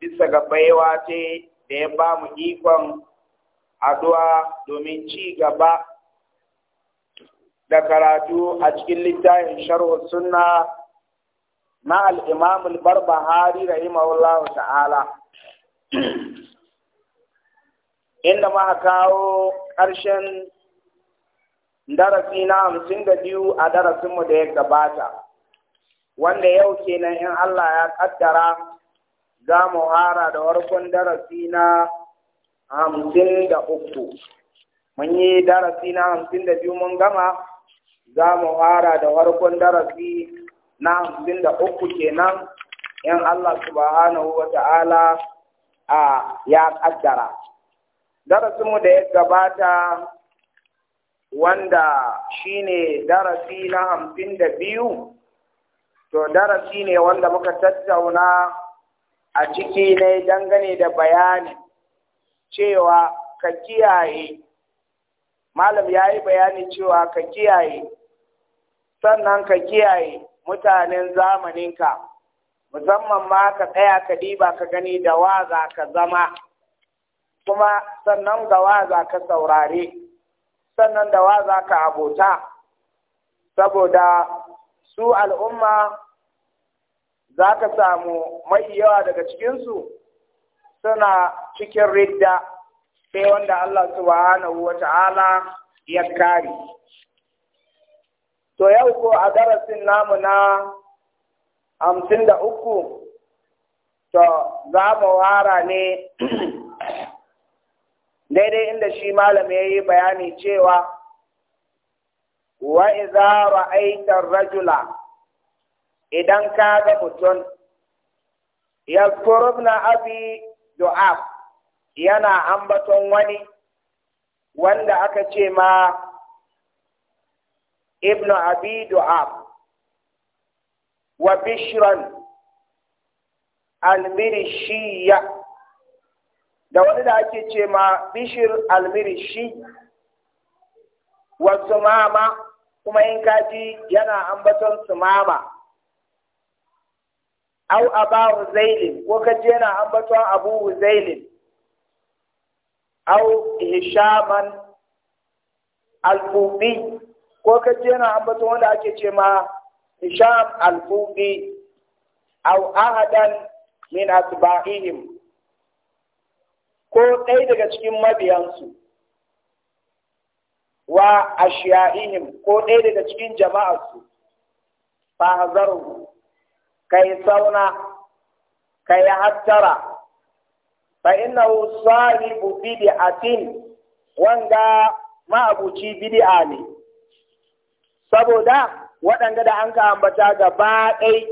bisa ga baiwa ce da ya ba mu ikon addu'a domin ci gaba da karatu a cikin littafin sharhu Suna na al’imamul barbahari al yi Allah ta'ala inda ma kawo ƙarshen darasi na hamsin da biyu a darasinmu da ya gabata wanda yau kenan in Allah ya ƙaddara. za mu hara da warkon darasi na hamsin da uku mun yi darasi na hamsin da biyu mun gama za mu hara da warkon darasi na hamsin da uku kenan in Allah subhanahu wa ta'ala a ya kaddara darasinmu da ya gabata wanda shine darasi na hamsin da biyu to darasi ne wanda muka tattauna a ciki ne dangane da bayanin cewa ka kiyaye malam ya yi bayani cewa ka kiyaye sannan ka kiyaye mutanen zamaninka musamman ma ka tsaya ka diba ka gani da waza ka zama kuma sannan ga waza ka saurare sannan da waza ka abota saboda su al'umma za ka samu mai yawa daga cikinsu suna cikin ridda sai wanda Allah subhanahu wa ta'ala ya kare. To yau ko a darasin namu na hamsin da uku, to za mu wara ne daidai inda shi malam ya yi bayani cewa wa iza rajula idan ka ga mutum ya na abi du'af yana ambaton wani wanda aka ce ma ibnu abi du'af wa bishran almirishiya da wani da ake ce ma bishir almirishi wa sumama kuma in kaji yana ambaton sumama au aba huzailin ko ka je yana ambaton abu huzailin au hishaman alfubi ko ka je yana ambaton wanda ake ce ma hisham alfubi au ahadan min asba'ihim ko ɗaya daga cikin mabiyansu wa ashiya'ihim ko ɗaya daga cikin jama'arsu fa hazaru kai yi sauna ka hattara fa innahu sahibu bid'atin wanga ma'abuci bid'a ne saboda waɗanda da an ka ambata gaba ɗai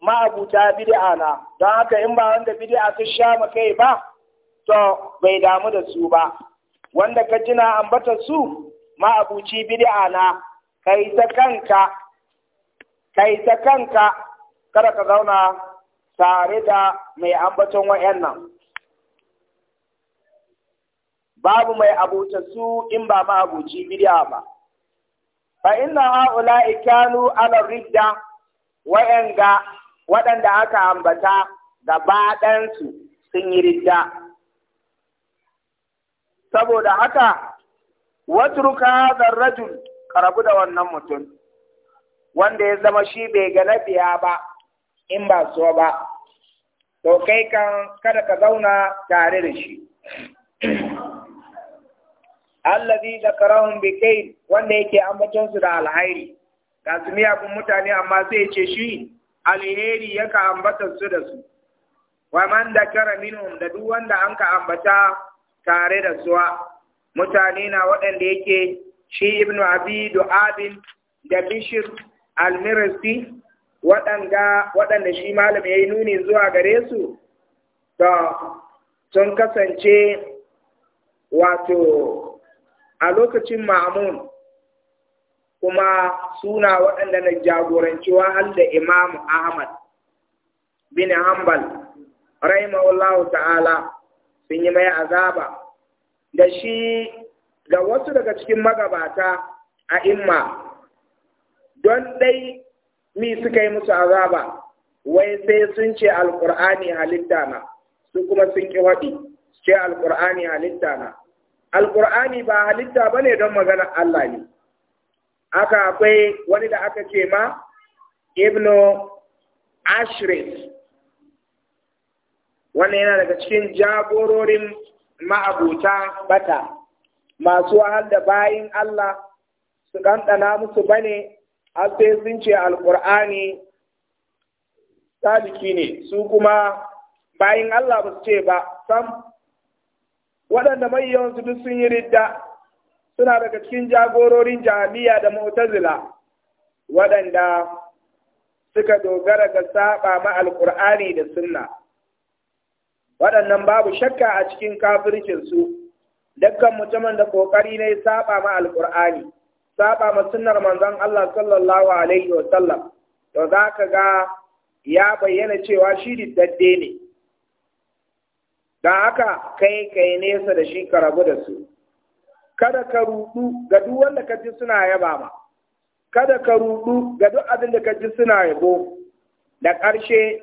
ma'abuta bid'a na don haka in ba wanda bid'a ta sha kai ba to bai damu da su ba wanda ka jina ambata su ma'abuci bid'a na kai ta kanka kai ta kanka kada ka zauna tare da mai ambaton nan. babu mai abuta su in ba ma abuci bidiya ba fa inna haula ikanu ala ridda ga waɗanda aka ambata gaba ɗansu sun yi ridda saboda haka ruka da rajul karabu da wannan mutum wanda ya zama shi bai ga nafiya ba in ba so ba to kai kan kada ka zauna tare da shi allazi zakarahum bi kai wanda yake ambaton su da alhairi ga su kun mutane amma sai ce shi alheri yaka ambata su da su wa man dakara minhum da duk wanda an ka ambata tare da suwa mutane na waɗanda yake shi ibnu abi du'abin da bishir al-mirsi waɗanga waɗanda shi malam ya yi nuni zuwa gare su sun kasance wato a lokacin ma'amun kuma suna waɗanda na jagoranci wahal da imam ahmad bin hanbal rahimahullahu ta'ala sun yi mai azaba da shi ga wasu daga cikin magabata a imma don dai mi suka yi musu azaba wai sai sun ce Alƙur'ani halitta na su kuma sun ki waɗi ce Alƙur'ani halitta na Alƙur'ani ba halitta ba ne don maganar Allah ne aka akwai wani da aka ce ma ibnu Ashirin. wannan yana daga cikin jagororin ma'abuta bata masu wahal da bayin Allah su ɗanɗana musu bane har sun ce alƙur'ani saliki ne su kuma bayan Allah ba su ce ba sam waɗanda mayiyansu duk sun yi ridda suna daga cikin jagororin jami'a da mu'tazila waɗanda suka dogara ga saba ma alƙur'ani da sunna waɗannan babu shakka a cikin kafircinsu dukkan mutumin da ƙoƙari na yi saba ma alƙur'ani saba ma sunnar manzon Allah sallallahu alaihi wa sallam to zaka ga ya bayyana cewa shi diddadde ne da haka kai kai nesa da shi ka rabu da su kada ka rudu ga duk wanda ka ji suna yaba ma kada ka rudu ga duk abin da ka ji suna yabo da ƙarshe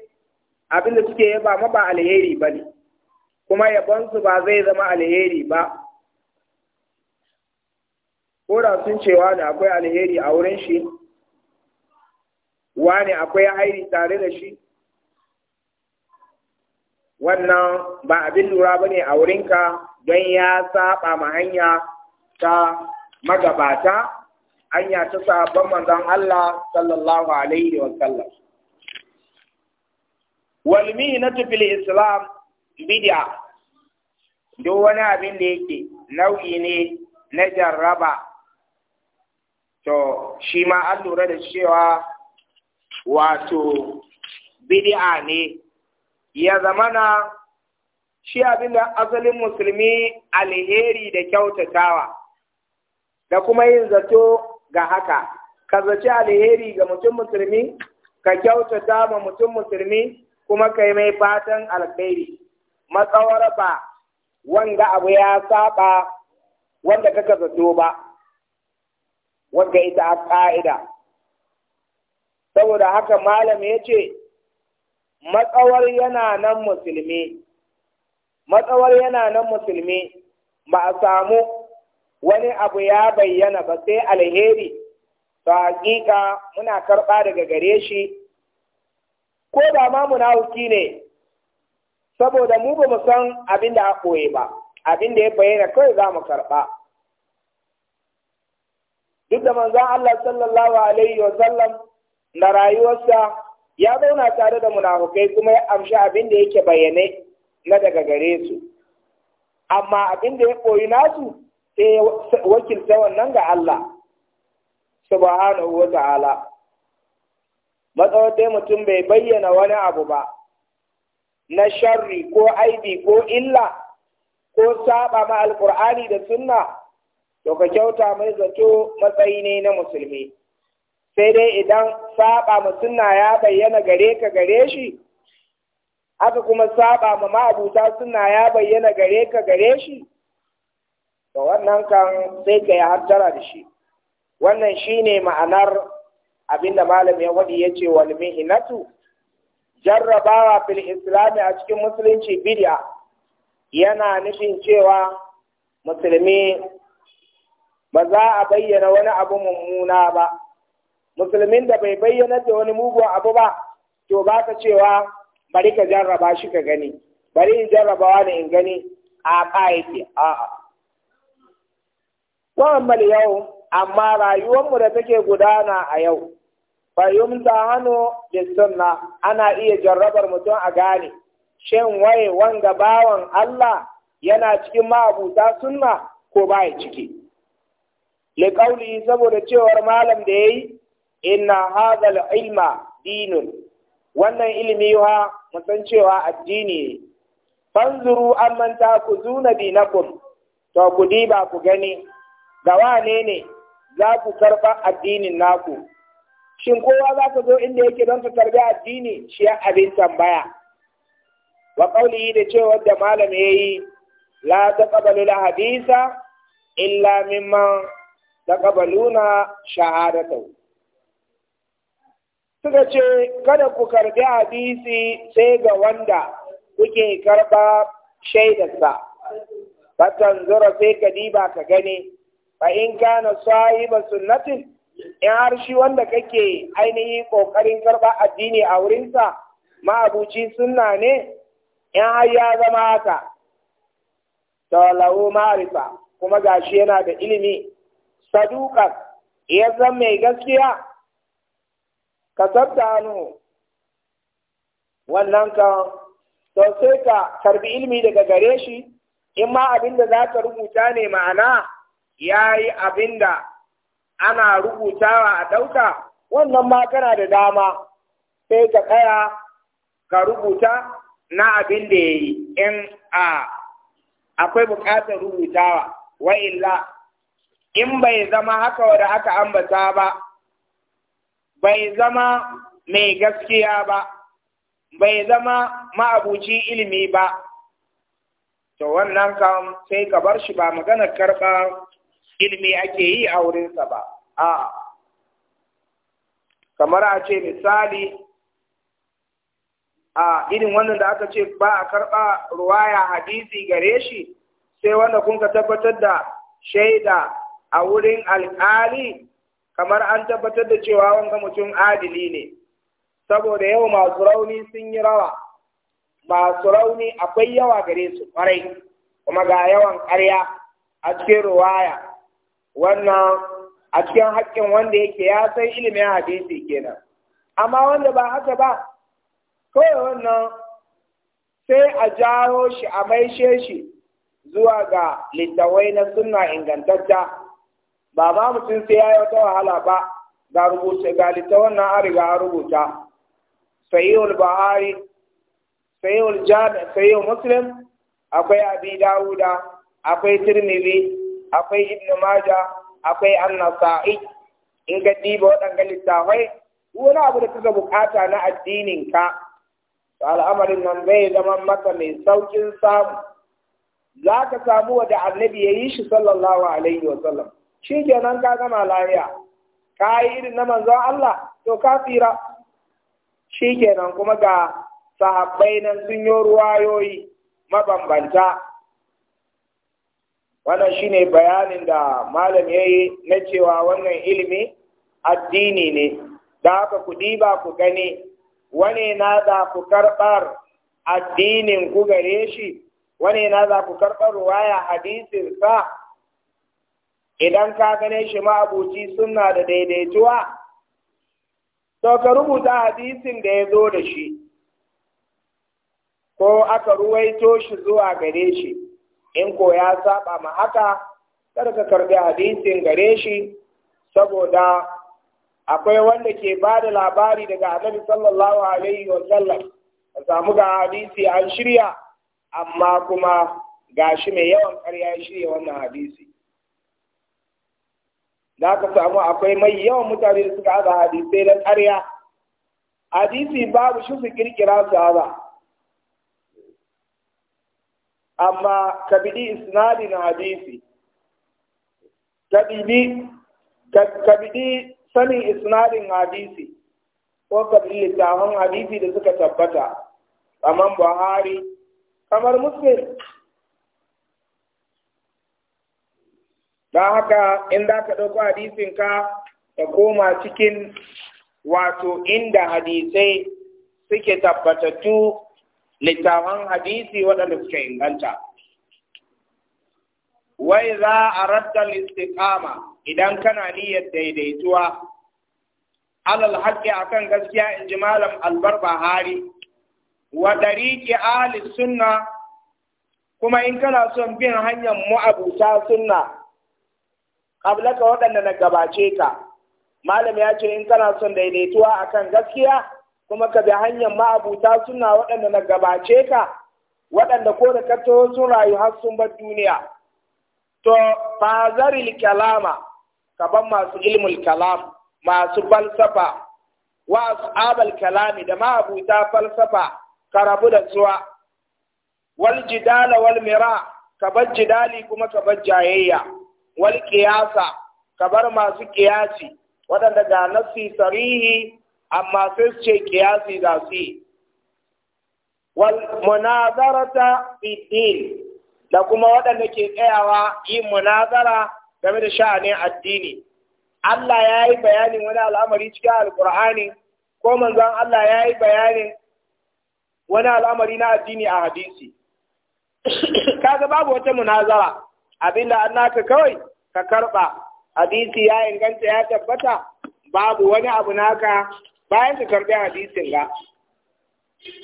abin da suke yaba ma ba alheri ba ne kuma yabonsu ba zai zama alheri ba ko da sun ce wani akwai alheri a wurin shi wani akwai hairi tare da shi wannan ba abin lura ba ne a wurinka don ya saba ma hanya ta magabata hanya ta sabon manzon Allah sallallahu alaihi wa sallam wal islam bid'a duk wani abin da yake nau'i ne na jarraba to shi ma an lura da cewa wato bidi'a ne ya zamana shi abin da asalin musulmi alheri da kyautatawa da kuma yin zato ga haka ka zaci alheri ga mutum musulmi ka kyautata ma mutum musulmi kuma ka yi mai fatan alheri matsawar ba wanda abu ya saba wanda kaka zato ba Wanda ita a ƙa'ida saboda haka malam ya ce matsawar yana nan musulmi matsawar yana nan musulmi ba a samu wani abu ya bayyana ba sai alheri ba hakika muna karɓa daga gare shi ko da ma hukki ne saboda mu ba mu san abin da a ba abin da ya bayyana kawai za mu karɓa duk da manzon Allah sallallahu alaihi wa sallam na rayuwarsa ya zauna tare da munafukai kuma ya amshi abin da yake bayyane na daga gare su amma abin da ya koyi nasu sai wakilta wannan ga Allah subhanahu wa ta'ala matsawar mutum bai bayyana wani abu ba na sharri ko aibi ko illa ko saba ma alkur'ani da sunna to ka kyauta mai zato matsayi ne na musulmi sai dai idan saba ma sunna ya bayyana gare ka gare shi haka kuma saba ma ma'abuta sunna ya bayyana gare ka gare shi to wannan kan sai ka yi hattara da shi wannan shine ma'anar abinda malam ya wadi yace wal mihnatu jarrabawa fil islam a cikin musulunci bid'a yana nufin cewa musulmi ba za a bayyana wani abu mummuna ba musulmin da bai bayyana da wani mugu abu ba to ba ka cewa bari ka jarraba shi ka gani bari in jarraba wani in gani a a a'a wannan yau amma rayuwarmu da take gudana a yau fahimta hannu da sunna ana iya jarrabar mutum a gane shin waye wanga bawan Allah yana cikin ma'abuta sunna ko baya ciki liƙauli saboda cewar malam da ya yi inna ilma dinun wannan ilimi ha musan cewa addini ne fanzuru amman ta ku zuna dinakum to ku diba ku gani ga wane ne za ku karɓa addinin naku shin kowa za ka zo inda yake don ka karɓi addini shi abin tambaya wa da cewa da malam yayi la taqbalu la hadisa illa mimman taqabaluna shahadatahu suka ce kada ku karbi hadisi sai ga wanda kuke karba shaidarsa fatan zura sai ka diba ka gane fa in kana sahiba sunnatin in har shi wanda kake ainihi kokarin karba addini a wurinsa abuci sunna ne in har ya zama haka to lahu ma'rifa kuma gashi yana da ilimi saduqan ya zama mai gaskiya ka hannu wannan ka sosai ka karbi ilmi daga gare shi in ma abinda za ka rubuta ne ma'ana ya yi abinda ana rubutawa a ɗauka wannan ma kana da dama sai ka tsaya ka rubuta na abin da ya yi in a akwai buƙatar rubutawa wa la. in bai zama haka wadda aka ambata ba bai zama mai gaskiya ba bai zama ma'abuci ilimi ba to wannan kam sai ka bar shi ba maganar karɓa ilimi ake yi a wurinsa ba a kamar a ce misali a irin wannan da aka ce ba a karɓa ruwaya hadisi gare shi sai wanda kun ka tabbatar da shaida a wurin alƙali kamar an tabbatar da cewa wanga mutum adili ne saboda yau masu rauni sun yi rawa masu rauni akwai yawa gare su kwarai kuma ga yawan ƙarya a cikin ruwaya wannan a cikin haƙƙin wanda yake ya san ilimin hadisi kenan amma wanda ba haka ba kawai wannan sai a jawo shi a maishe shi zuwa ga littawai na sunna ingantatta ba ma sun sai ya wata wahala ba ga rubuce ga littawan wannan an riga a rubuta sayyul bahari sayyul jami sayyul muslim akwai abi dawuda akwai tirmidhi akwai ibnu maja akwai an-nasa'i in ka diba waɗanga littafai wani abu da kake bukata na addinin ka al'amarin nan bai zama maka mai saukin samu za ka samu wa da annabi ya yi shi sallallahu alaihi wa sallam shi kenan ka gama lahiya ka yi irin na manzon Allah to ka tsira shi kenan kuma ga sahabbai nan sun yi ruwayoyi mabambanta wannan shine bayanin da malam ya yi na cewa wannan ilimi addini ne da haka ku diba ku gani Wani na za ku karɓar addinin ku gare shi Wani na za ku karɓar ruwaya hadisin sa idan ka gane shi abuci suna da daidaituwa to ka rubuta hadisin da ya zo da shi ko aka ruwaito shi zuwa gare shi in ko ya saba ma haka kada ka karbi hadisin gare shi saboda akwai wanda ke ba da labari daga annabi sallallahu alaihi wa sallam ka samu ga hadisi an shirya amma kuma gashi mai yawan karya ya shirya wannan hadisi da aka samu akwai mai yawan mutane da suka haɗa hadisai na ƙarya hadisi babu shi su kirkira su haɗa amma ka biɗi isnadin hadisi ka biɗi sanin isnadin hadisi ko ka biɗi littafin hadisi da suka tabbata kamar buhari kamar muslim da haka in za ka ɗauko hadisinka ka koma cikin wato inda hadisai suke tabbatattu littafan hadisi waɗanda suka inganta wai za a rattar idan kana niyyar daidaituwa alal haƙƙi akan gaskiya in ji malam albar bahari wa ɗariƙi ahli sunna kuma in kana son bin hanyar mu'abuta sunna ka waɗanda na gabace ka malam ya ce in kana son daidaituwa a kan gaskiya kuma ka bi hanyar ma'abuta suna waɗanda na gabace ka waɗanda ko da ka sun rayu har sun bar duniya to fazaril kalama ka ban masu ilmul kalam masu falsafa wa ashabal kalami da ma'abuta falsafa ka rabu da suwa wal jidala wal mira ka bar jidali kuma ka bar jayayya wal kiyasa kabar masu ƙiyasi waɗanda ga nasi sarihi amma sai su ce kiyasi da su wal munazarata fi da kuma waɗanda ke tsayawa yin munazara game da sha'anin addini Allah ya yi bayanin wani al'amari cikin alkur'ani ko manzon Allah ya yi bayanin wani al'amari na addini a hadisi kaga babu wata munazara abin an naka kawai ka karɓa hadisi ya inganta ya tabbata babu wani abu naka bayan ka karɓi hadisin ga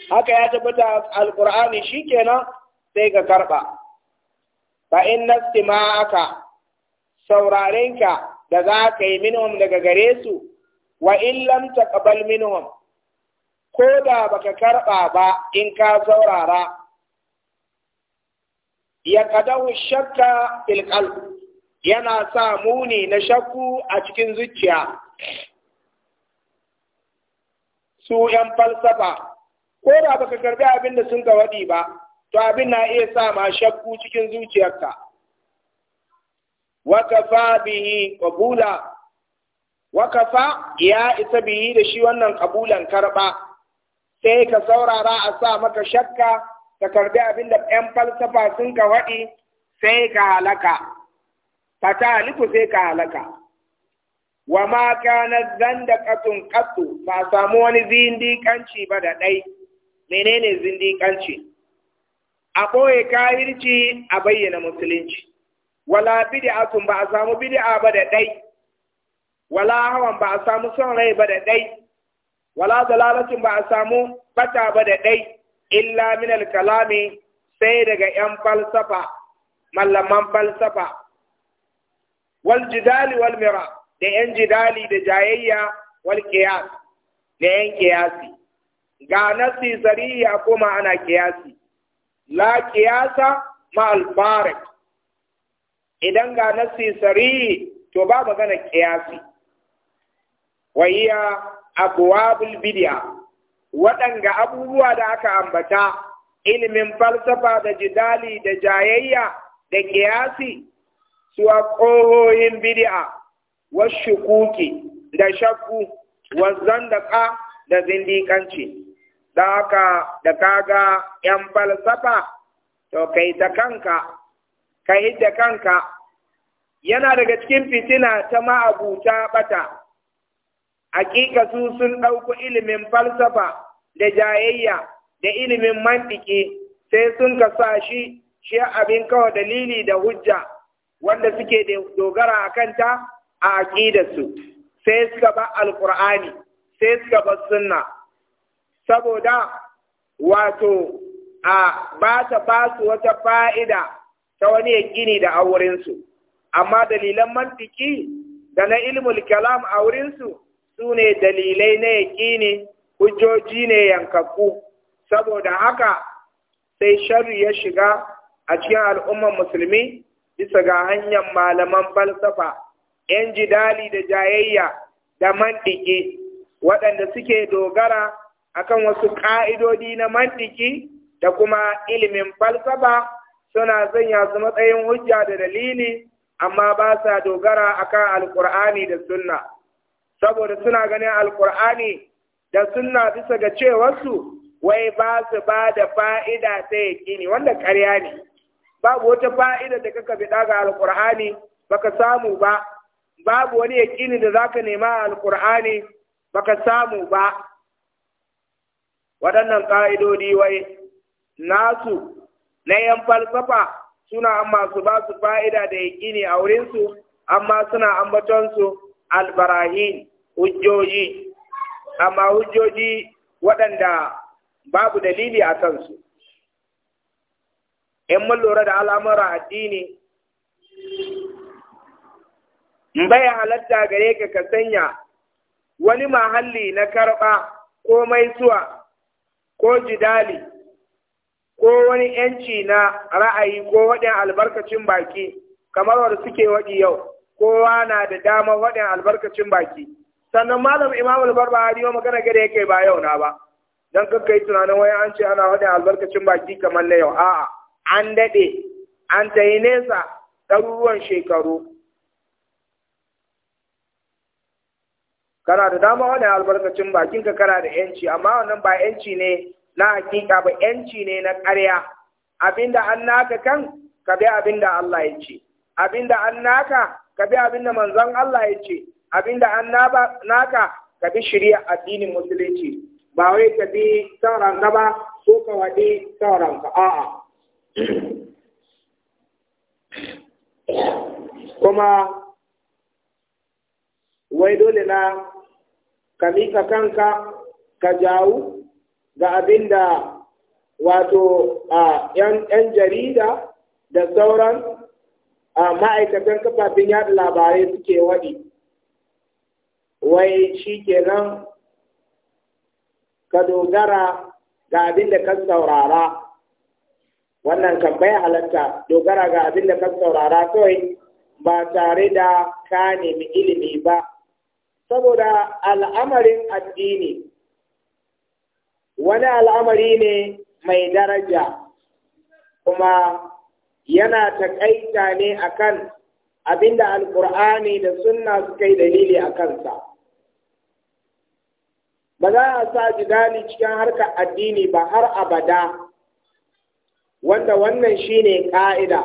haka ya tabbata alqur'ani shikenan sai ka karɓa fa in aka saurarenka da za ka yi minhum daga gare su wa in lam taqbal minhum ko da baka karɓa ba in ka saurara ya kadau shakka ilkal yana sa muni na shakku a cikin zuciya su ‘yan falsafa ko da baka karbi abin da sun waɗi ba to abin na iya sa ma shakku cikin zuciyarka wakafa bihi qabula wakafa ya isa bihi da shi wannan kabulan karba sai ka saurara a sa maka shakka ka karbi abin da ‘yan falsafa sun ka waɗi sai ka halaka, fata haliku sai ka halaka. Wa ma kana zan da ƙasun ƙasu ba samu wani zindiƙanci ba da ɗai, menene zindiƙanci? A ɓoye kayirci a bayyana musulunci, wala sun ba a samu bid'a ba da ɗai, wala hawan ba a samu son rai ba da ɗai, wala dalalatin ba a samu bata ba da ɗai, illa min al-kalami sai daga ‘yan falsafa, mallaman falsafa, wal jidali wal mira da ‘yan jidali da jayayya wal kiyas da ‘yan kiyasi, ga nasi sariya kuma ana kiyasi, la kiyasa ma farq idan ga nasi sariyi to ba magana kiyasi, wayiya abuwa bulbidiya. waɗanga abubuwa da aka ambata ilimin falsafa da jidali da jayayya da kiyasi a ƙohohin bid'a wa shukuki da shakku wa zandaka da zindikanci da aka da kaga yan falsafa to kai ta kanka kai da kanka yana daga cikin fitina ta ma'abuta bata hakika su sun ɗauko ilimin falsafa da jayayya da ilimin mantiki sai sun ka sa shi shi abin kawai dalili da hujja wanda suke dogara a kanta a aƙidarsu sai suka ba alƙur'ani sai suka ba sunna saboda wato a ba ta ba su wata fa'ida ta wani yaƙini da aurinsu amma dalilan mantiki da na ilmul kalam a wurinsu su ne dalilai na yaƙini hujjoji ne yankakku saboda haka sai sharri ya shiga a cikin al'ummar musulmi bisa ga hanyar malaman falsafa ‘yan jidali da jayayya da mantiki waɗanda suke dogara akan wasu ƙa'idodi na mantiki da kuma ilimin falsafa suna zanya su matsayin hujja da dalili amma ba sa dogara akan alkur'ani da sunna saboda suna ganin alkur'ani da sunna bisa ga cewarsu wai ba su ba da fa'ida ta yaƙini wanda ƙarya ne babu wata fa'ida da kaka bi daga alƙur'ani baka samu ba babu wani yaƙini da za ka nema a alƙur'ani baka samu ba waɗannan ƙa'idodi wai nasu na yan falsafa suna masu ba su fa'ida da yaƙini a wurinsu amma suna su albarahin hujjoji amma hujjoji waɗanda babu dalili a kansu in mun lura da al'amura addini bai halatta gare ka ka sanya wani mahalli na karɓa ko zuwa ko jidali ko wani ‘yanci na ra'ayi ko waɗin albarkacin baki kamar wanda suke waɗi yau kowa na da dama waɗin albarkacin baki sannan malam imam al-barbahari ma magana gare yake ba yau na ba dan kanka yi tunanin wai an ce ana faɗin albarkacin baki kamar na yau a'a an daɗe an tayi nesa ɗaruruwan shekaru kana da dama wani albarkacin bakin ka kana da yanci amma wannan ba yanci ne na hakika ba yanci ne na ƙarya abinda an naka kan ka bi abinda Allah ya ce abinda an naka ka bi abinda manzon Allah ya ce abinda an naka ka bi shari'a addinin musulunci ba wai ka bi sauran ka ba ko ka wadi sauran ka a'a kuma wai dole na ka mika kanka ka jawo ga abin wato a yan jarida da sauran ma'aikatan kafafen yada labarai suke waɗi wai shi ke nan ka dogara ga abin da kan saurara wannan kan bai halatta dogara ga abin da kan saurara kawai ba tare da ka nemi ilimi ba saboda al'amarin addini wani al'amari ne mai daraja kuma yana taƙaita ne akan abinda alkur'ani da sunna suka yi dalili a kansa ba za a sa jidali cikin harkar addini ba har abada wanda wannan shine ƙa'ida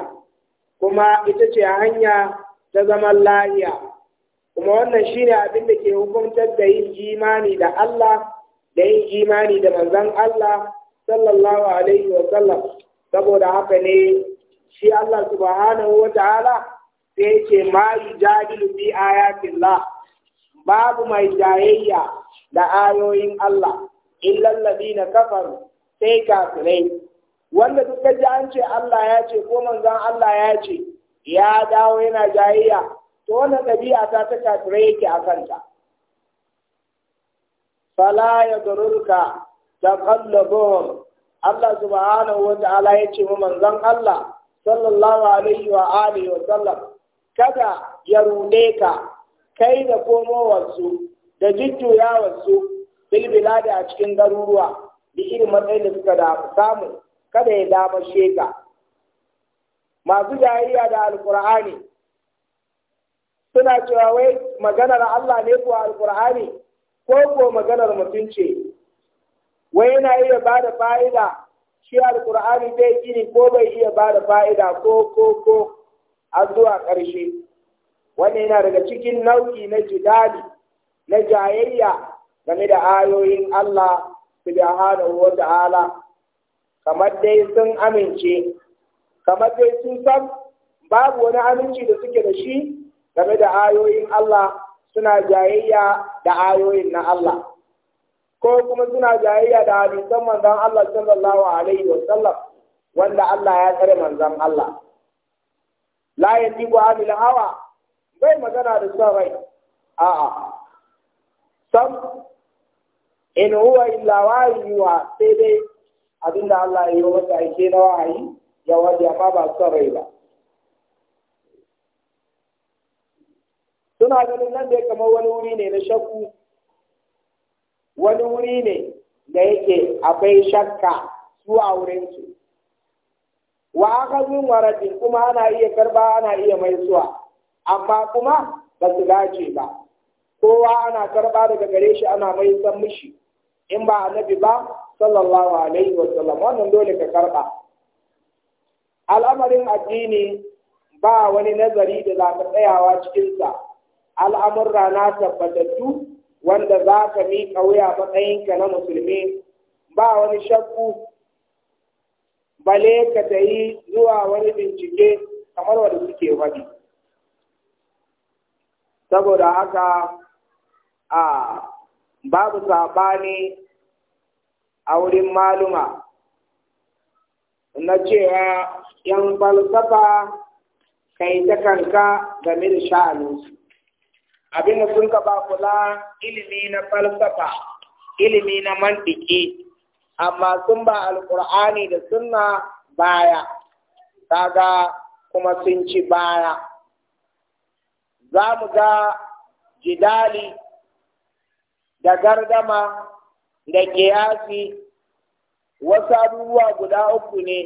kuma ita ce hanya ta zaman lahiya kuma wannan shine abin da ke hukuntar da yin imani da Allah da yin imani da manzon Allah sallallahu alaihi wa saboda haka ne shi Allah subhanahu wa ta'ala sai ce ma yujadilu bi ayatillah babu mai jayayya da ayoyin Allah lallabi ladina kafaru sai kafirai wanda duk ance an ce Allah ya ce ko manzon Allah ya ce ya dawo yana jayayya to wannan ɗabi'a ta ta kafirai yake a kanta fala ya garurka taqallabuhum Allah subhanahu wa ta'ala ya ce wa Allah sallallahu alaihi wa alihi wa sallam kada ya rude ka kai da komowarsu da jujjuyawarsu bilbila da a cikin garuruwa da irin matsayin da suka samu kada ya dama sheka masu jahiliya da alkur'ani suna cewa wai maganar Allah ne ko alkur'ani ko ko maganar mutum ce wai yana iya ba da fa'ida shi alkur'ani zai gini ko bai iya ba da fa'ida ko ko ko a zuwa ƙarshe wannan yana daga cikin nau'i na jidali na jayayya game da ayoyin Allah subhanahu wa ta'ala kamar dai sun amince kamar dai sun san babu wani aminci da suke da shi game da ayoyin Allah suna jayayya da ayoyin na Allah ko kuma suna jayayya da hadisan manzon Allah sallallahu alaihi wa sallam wanda Allah ya tsare manzon Allah la yatibu anil hawa zai magana da son rai a'a sam in huwa illa wa sai dai abinda Allah ya yi masa ake na wahayi ya waje amma ba son rai ba suna ganin nan ya kamar wani wuri ne na shakku wani wuri ne da yake akwai shakka su a wurinsu wa aka zuwa kuma ana iya karba ana iya mai maisuwa amma kuma ba su dace ba kowa ana karɓa daga gare shi ana mai san mishi in ba annabi ba sallallahu alaihi wa sallam wannan dole ka karɓa al'amarin addini ba wani nazari da za ka tsayawa cikinsa al'amurra na tabbatattu wanda za ka miƙa wuya matsayinka na musulmi ba wani shakku bale ka ta yi zuwa wani bincike kamar wanda suke wani. saboda haka a babu saɓani a wurin maluma na cewa yan falsafa kai ta kanka game da sha'aninsu abinda sun kaba kula ilimi na falsafa ilimi na mantiki amma sun ba alkur'ani da sunna baya kaga kuma sun ci baya za mu ga jidali da gardama da kiyasi wasu abubuwa guda uku ne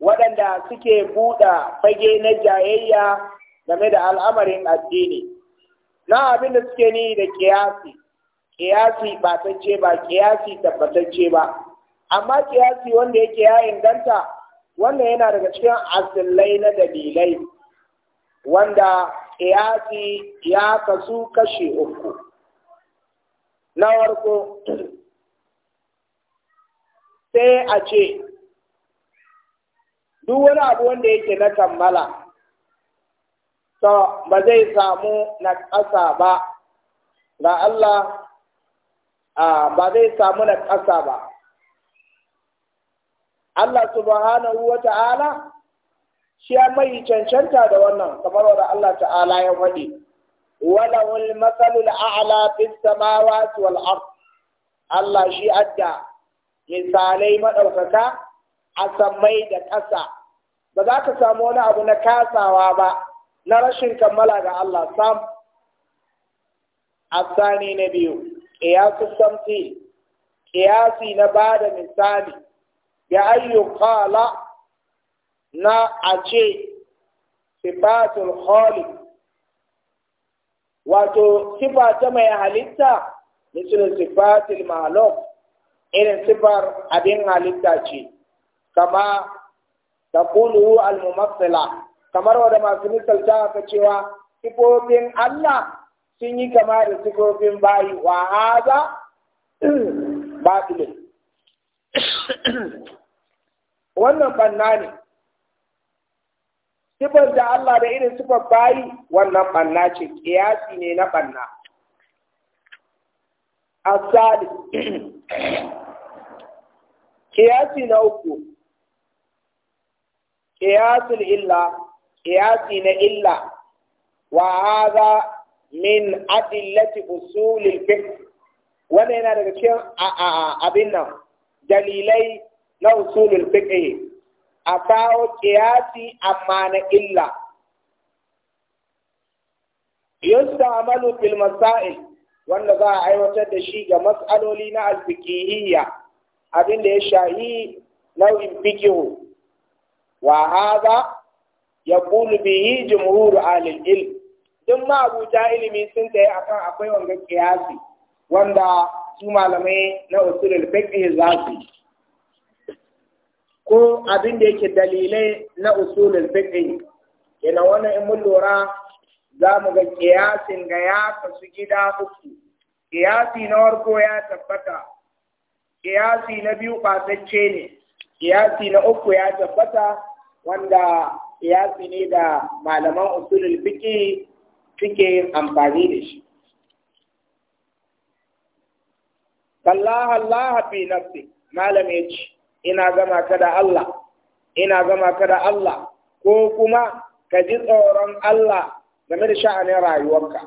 waɗanda suke buɗa fage na jayayya game da al'amarin addini na abin da suke ni da kiyasi kiyasi batacce ba kiyasi tabbatacce ba amma kiyasi wanda yake ya inganta wannan yana daga cikin asillai na dalilai wanda ƙiyasi ya kasu kashi uku. Na warko, sai a ce, duk wani abu wanda yake na kammala, so ba zai samu na ƙasa ba, ga Allah ba zai samu na ƙasa ba. Allah subhanahu wa ta'ala shi ya mai cancanta da wannan kamar wanda Allah ta'ala ya faɗi al-masalu al a'la fis samawati wal ard Allah shi adda misalai madaukaka a sammai da ƙasa ba za ka samu wani abu na kasawa ba na rashin kammala ga Allah sam asani na biyu qiyasu samti qiyasi na bada misali ya ayyukala na a ce sifatul khaliq wato sifa ta mai halitta misalin sifatul mahluk irin sifar abin halitta ce kama kulu al mumassila kamar wanda masu misalta ka cewa sifofin Allah sun yi kama da sifofin bayi wa haza batilin wannan banna ne sifar da Allah da irin sifar bayi wannan banna ce kiyasi ne na banna asali kiyasi na uku kiyasul illa kiyasi na illa wa hadha min adillati usulil fiqh wannan yana daga cikin abin nan dalilai na usulul fiqh a kawo kiyasi amma na illa yustamalu fil masail wanda za a aiwatar da shi ga mas'aloli na alfikihiyya abin da ya shahi nau'in fikihu wa ya yaqulu bihi jumhur alil ilm duk ma abuja ilimi sun tayi akan akwai wanga kiyasi wanda su malamai na usulul fiqh za su yi ko abin da yake dalilai na usulul fiqh kenan wannan in mun lura za mu ga kiyasin ga ya kasu gida uku kiyasi na farko ya tabbata kiyasi na biyu ɓatacce ne kiyasi na uku ya tabbata wanda kiyasi ne da malaman usulul fiqh suke yin amfani da shi Allah Allah fi nafsi malam ya ina gama ka da Allah ina gama ka da Allah ko kuma ka ji tsoron Allah game da sha'anin rayuwarka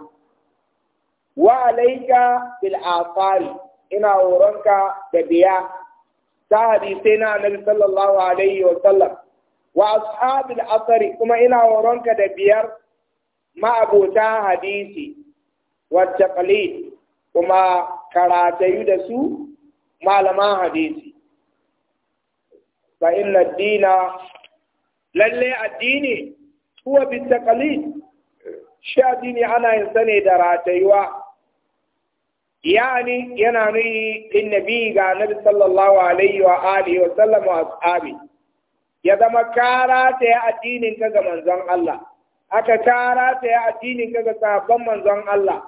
wa alaika bil afari ina horonka da biya ta hadisai na annabi sallallahu alaihi wa sallam wa ashabil asari kuma ina horonka da biyar ma'abota hadisi wa kuma karatayu da su malaman hadisi فإن الدين للي الدين هو بالتقليد شيء ديني أنا إنسان دراتي و يعني ينامي النبي قال النبي صلى الله عليه وآله وسلم وأصحابه يا دم كارات يا الدين إنك من زن الله أك كارات يا الدين إنك من زن الله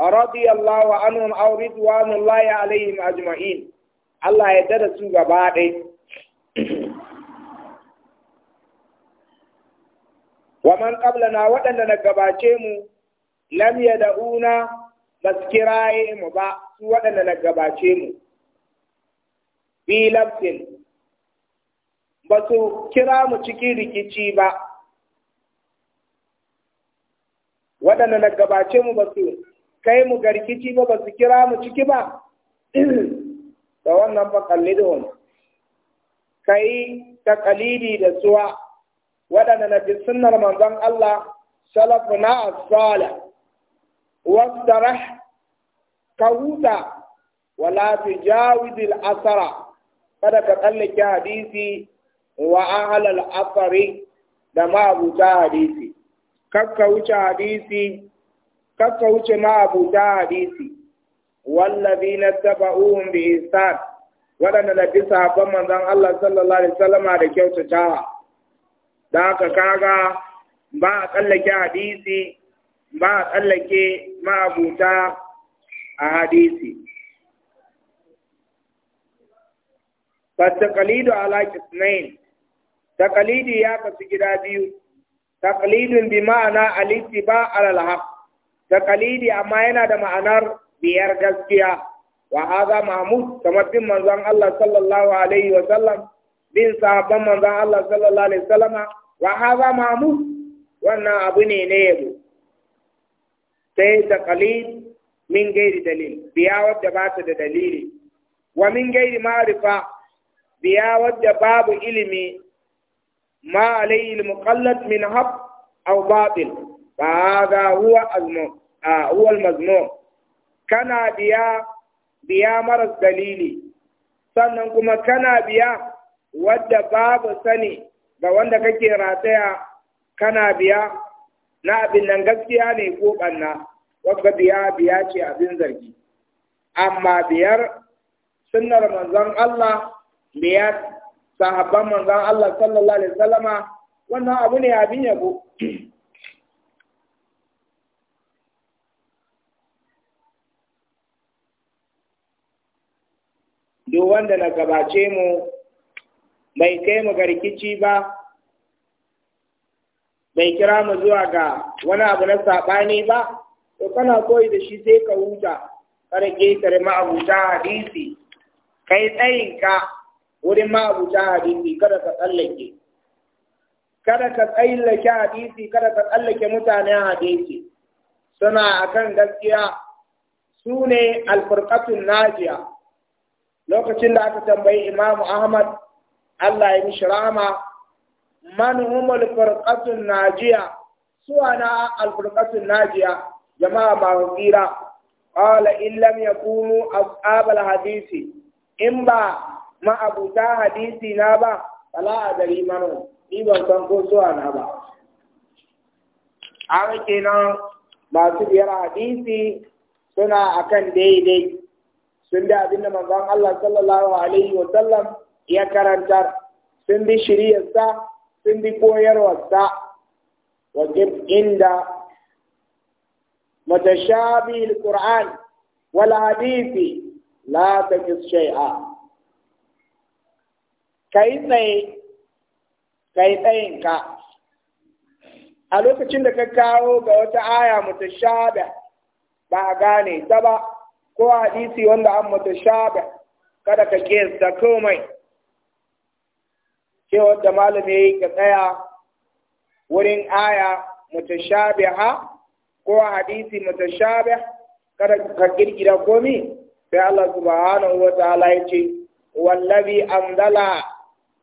رضي الله عنهم أو رضوان الله عليهم أجمعين الله يدرسوا بعدين wa man na waɗanda na gabace mu lam yad'una baskiraye mu ba su waɗanda na gabace mu bi lafsin ba su kira mu cikin rikici ba waɗanda na gabace mu ba su kai mu ga rikici ba ba su kira mu ciki ba da wannan ba kalli kallidon kai ta kalidi da suwa waɗanda na bi sunnar manzon Allah salafuna na salih wastarah ka huta wala tujawidil asara kada ka tsallake hadisi wa ahlal asari da ma'abuta hadisi kakka wuce hadisi kakka wuce ma'abuta hadisi wallazi na taba'uhum bi ihsan waɗanda na fi sahabban manzon Allah sallallahu alaihi wasallama da kyautatawa da aka kaga ba a tsallake hadisi ba a tsallake ma'abuta a hadisi fattakalidu ala kisnain takalidi ya kasu gida biyu takalidin bi ma'ana aliti ba alal haq takalidi amma yana da ma'anar biyar gaskiya wa haza mahmud kamar manzan Allah sallallahu alaihi wa sallam bin sahabban manzan Allah sallallahu alaihi wa sallama wa haza mamu wannan abu ne na yabo sai da qalil min gairi dalil biya wadda ba ta da dalili wa min gairi ma'rifa biya wadda babu ilimi ma alayhi al-muqallad min hab aw batil fa hadha huwa al-mazmum huwa al-mazmum kana biya biya maras dalili sannan kuma kana biya wadda babu sani ga wanda kake rataya kana biya na abin nan gaskiya ne ko ɓanna wadda biya biya ce abin zargi amma biyar sunnar manzon Allah biyar sahabban manzon Allah sallallahu alaihi wasallama wannan abu ne abin yabo duk wanda na gabace mu bai kai mu ga rikici ba bai kira mu zuwa ga wani abu na saɓani ba to kana koyi da shi sai ka huta kada ƙetare ma'abuta hadisi kai ka wurin ma'abuta hadisi kada ka tsallake kada ka tsallake hadisi kada ka tsallake mutanen hadisi suna akan gaskiya su ne alfurqatul najiya lokacin da aka tambayi imamu ahmad Allah ya mishi rahama man humul furqatun najiya suwana al furqatun najiya jama'a ba tsira qala in lam yakunu ashab al hadisi in ba ma abuta hadisi na ba fala adari manu ni ban san ko suwana ba a kenan masu biyar hadisi suna akan daidai sun da abinda manzon Allah sallallahu alaihi wa sallam ya karantar sun bi shiriyarsa sun bi koyarwarsa wajen inda matashabi al-Qur'an wal hadithi la taqis shay'a kai tsaye kai tsayinka a lokacin da ka kawo ga wata aya mutashabi ba a gane ta ba ko hadisi wanda an kada ka kiyasta komai cewa da malami yayi ka tsaya wurin aya mutashabiha ko hadisi mutashabih kada ka kirkira komi sai Allah subhanahu wa ta'ala yace wallazi anzala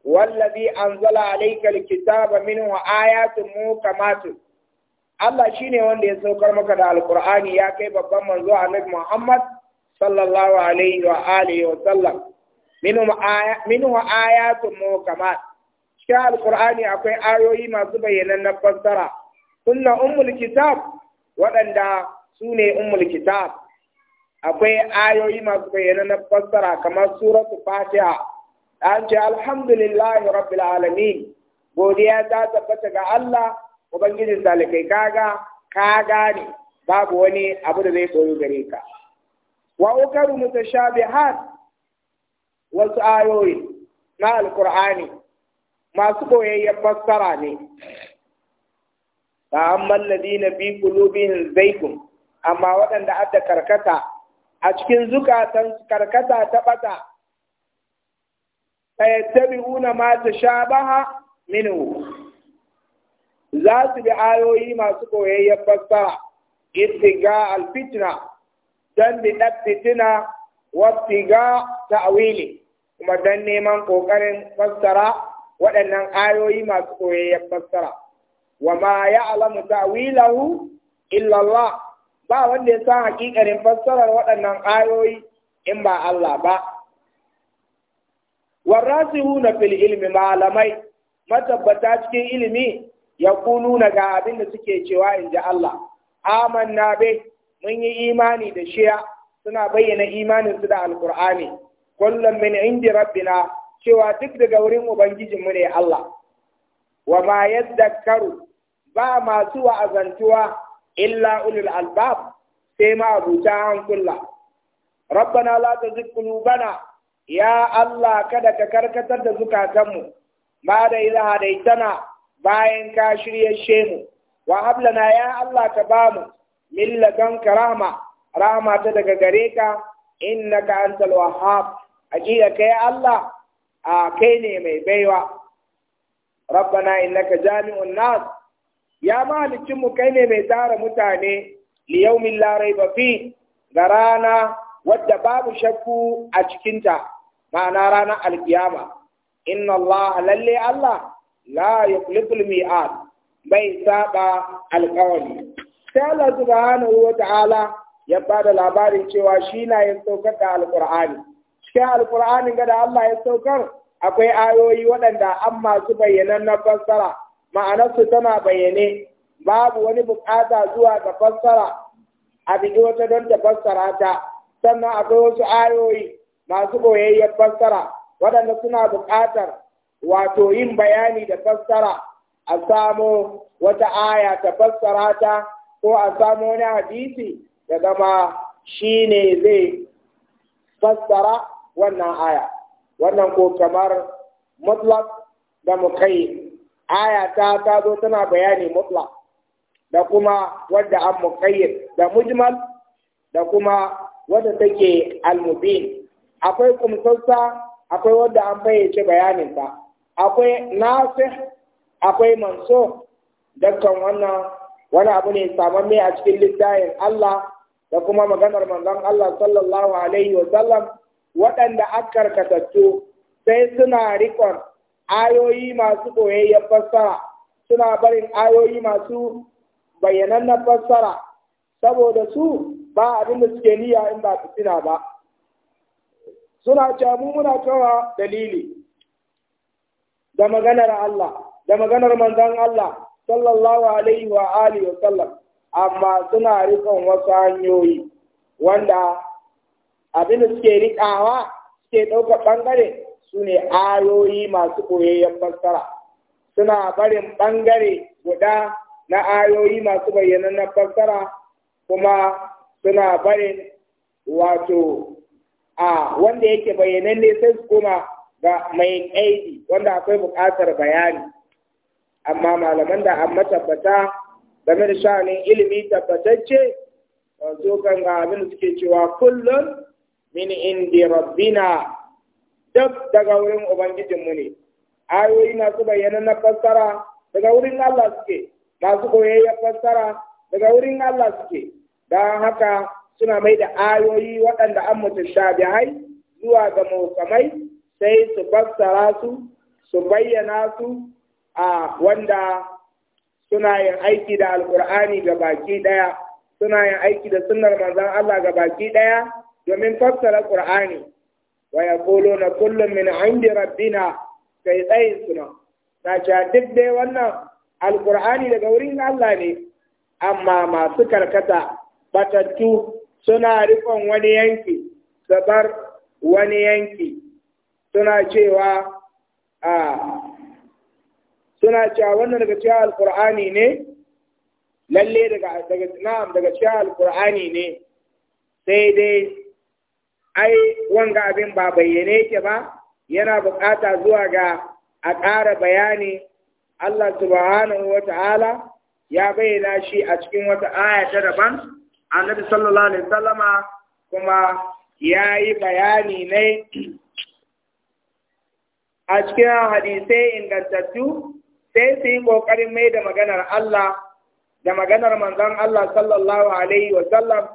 wallazi anzala alayka kitaba minhu ayatun mukamatun Allah shine wanda ya saukar maka da alqur'ani ya kai babban manzo Annabi Muhammad sallallahu alaihi wa alihi wa sallam minhu ayatun mukamat cikin alkur'ani akwai ayoyi masu bayanan na fassara sunna ummul kitab waɗanda su ne ummul kitab akwai ayoyi masu bayanan na fassara kamar suratu fatiha an ce alhamdulillahi rabbil alamin godiya ta tabbata ga Allah ubangijin salikai kaga ka gane babu wani abu da zai koyo gare ka wa ukaru mutashabihat wasu ayoyi na alkur'ani masu boyayyen fassara ne fa ammal ladina bi qulubihim zaikun, amma waɗanda adda karkata a cikin zukatan karkata ta ɓata. bata fayattabi'una ma Shabaha, minhu za su bi ayoyi masu koyayyen fassara ittiga alfitna dan bi fitina ga ta'wili kuma dan neman ƙoƙarin fassara waɗannan ayoyi masu koyayyen fassara wa ma ya'lamu ta'wilahu illallah ba wanda ya san hakikarin fassarar waɗannan ayoyi in ba Allah ba huna fil ilmi malamai matabbata cikin ilimi yaquluna ga abin da suke cewa in ji Allah amanna be mun yi imani da shiya suna bayyana imaninsu da alkur'ani kullum min indi rabbina cewa duk daga wurin Ubangijinmu ne Allah, wa ma yadda ba masu wa'azantuwa illa ulul albab sai ma abuta hankula. Rabbana la ta bana, ya Allah kada ka karkatar da zukatanmu, ba da hadaitana bayan ka shirye mu wa hablana ya Allah ka bamu, min ka rahma, rahma ta daga gare ka, innaka antal wahhab, ajiya kai Allah a kai ne mai baiwa rabbana innaka jami'un nas ya malikin mu kai ne mai tsara mutane li yaumin la bafi fi ga rana wadda babu shakku a cikinta ma'ana ranar alkiyama inna Allah lalle Allah la yukhliful mi'ad bai saba alƙawari sai Allah subhanahu wa ta'ala ya bada labarin cewa shi na yin saukar da alƙur'ani cikin alƙur'anin ga da Allah ya saukar akwai ayoyi waɗanda an masu bayyanan na fassara ma'anarsu tana bayyane babu wani buƙata zuwa ga fassara a bigi wata don ta fassara ta sannan akwai wasu ayoyi masu boyayyar fassara waɗanda suna buƙatar wato yin bayani da fassara a samo wata aya ta fassara ta ko a samo wani hadisi daga gama shi ne zai fassara wannan aya wannan ko kamar mutlaq da muqayyid aya ta ta zo tana bayani mutlaq da kuma wadda an muqayyid da mujmal da kuma wadda take al-mubin akwai kumsassa akwai wadda an bayyace bayanin ta akwai nasih akwai manso dukkan wannan wani abu ne mai a cikin littafin Allah da kuma maganar manzon Allah sallallahu alaihi wa sallam waɗanda akarkatattu sai suna rikon ayoyi masu ɓoyayyen fassara suna barin ayoyi masu bayyanannen fassara saboda su ba abin da suke niyya in ba fitina ba suna camu muna cewa dalili da maganar Allah da maganar manzon Allah sallallahu alaihi wa alihi wa sallam amma suna rikon wasu hanyoyi wanda abin da suke riƙawa suke ɗauka ɓangare su ne ayoyi masu koyayyen fassara suna barin ɓangare guda na ayoyi masu na fassara kuma suna barin wato a wanda yake ne sai su koma ga mai aiki wanda akwai buƙatar bayani amma malaman da an matabbata game da sha'anin ilimi tabbatacce wato kan ga abin da suke cewa kullum min indi rabbina duk daga wurin ubangijinmu ne ayoyi masu bayyana na fassara daga wurin Allah suke masu koyayya fassara daga wurin Allah suke don haka suna mai da ayoyi waɗanda an mutashabihai zuwa ga mukamai sai su fassara su su bayyana su a wanda suna yin aiki da alkur'ani ga baki ɗaya suna yin aiki da sunnar manzon Allah ga baki ɗaya domin fassara Qur'ani wa yaquluna kullum min rabbi na kai tsayin suna na ce duk dai wannan alqur'ani daga wurin Allah ne amma masu karkata batattu suna rikon wani yanki sabar wani yanki suna cewa a suna cewa wannan daga cewa alqur'ani ne lalle daga daga na'am daga cewa alqur'ani ne sai dai ai wanga abin ba bayyane yake ba yana bukata zuwa ga a ƙara bayani Allah subhanahu wa ta'ala ya bayyana shi a cikin wata aya ta daban annabi sallallahu alaihi wasallama kuma ya yi bayani ne a cikin hadisai ingantattu sai su yi ƙoƙarin mai da maganar Allah da maganar manzon Allah sallallahu alaihi wasallam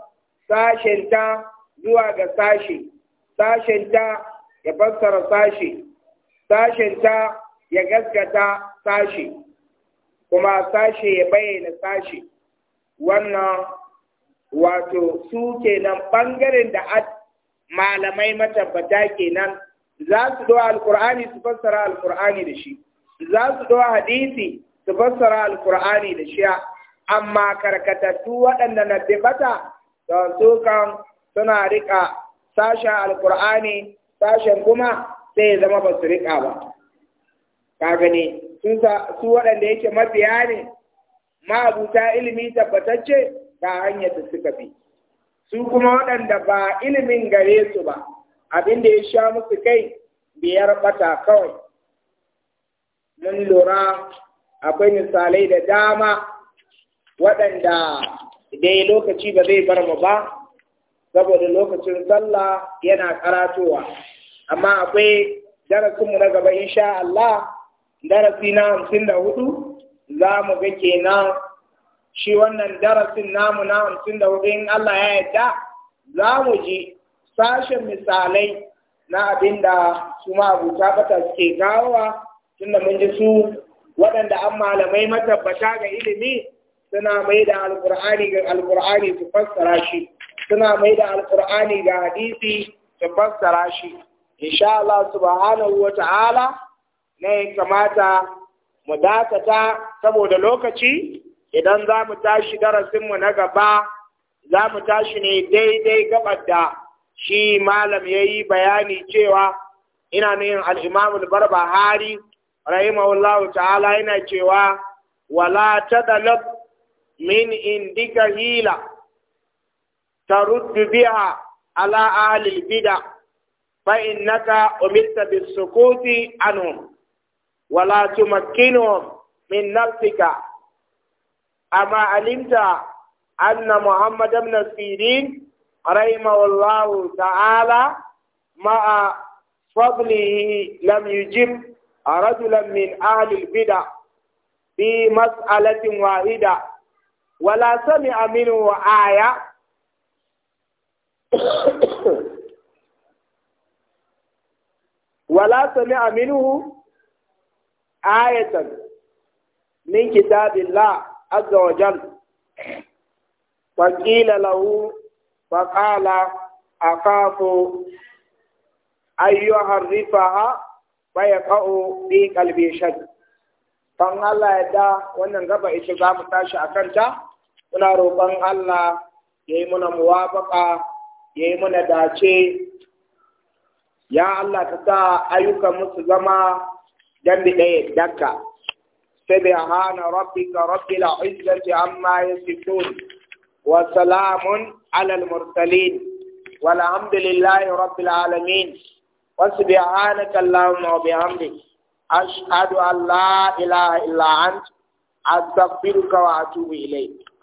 sashen ta zuwa ga sashe sashenta ya fassara sashe sashenta ya gaskata sashe kuma sashe ya bayyana sashe wannan wato su kenan ɓangaren da malamai matabbata kenan za su doa alkur'ani su fassara alkur'ani da shi za su doa hadisi su fassara alkur'ani da shi amma karkatattu waɗanda na bata da su kan suna riƙa sashen alƙur'ani sashen kuma sai ya zama ba su riƙa ba ka gani su waɗanda yake mabiya ne abuta ilimi tabbatacce ga hanyar da suka bi su kuma waɗanda ba ilimin gare su ba abin da ya sha musu kai biyar bata kawai mun lura akwai misalai da dama waɗanda dai lokaci ba zai bar mu ba saboda lokacin sallah yana karatowa amma akwai darasinmu na gaba insha Allah darasi na hamsin da hudu za mu ga kenan shi wannan darasin namu na hamsin da hudu in Allah ya yarda za mu ji sashen misalai na abin da su ma bata suke kawowa tunda mun ji su waɗanda an malamai matabbata ga ilimi suna mai da Alƙur'ani ga Alƙur'ani su fassara shi suna mai da alkur'ani ga hadisi su fassara shi insha Allah subhanahu wa ta'ala ne kamata mu dakata saboda lokaci idan za mu tashi mu na gaba za mu tashi ne daidai gabar da shi malam ya yi bayani cewa ina nuyin al'imamul barbahari rahimahullahu ta'ala yana cewa wala tadalab min indika hila ترد بها على أهل البدع فإنك أمرت بالسكوت عنهم ولا تمكنهم من نفسك أما علمت أن محمد بن سيرين رحمه الله تعالى مع فضله لم يجب رجلا من أهل البدع في مسألة واحدة ولا سمع منه آية wala sami aminuhu ayatan min kitabillah azza wa jal faƙila lahu faƙala a kafo ayyuhar rifaha baya ƙa'o bi kalbe shan don Allah ya wannan gaba ita za mu tashi a kanta muna roƙon Allah ya yi muna muwafaƙa ya yi mana dace ya Allah ka sa ayyukan musu zama سبحان ربك رب العزة عما يصفون وسلام على المرسلين والحمد لله رب العالمين وسبحانك اللهم وبحمدك أشهد أن لا إله إلا أنت أستغفرك وأتوب إليك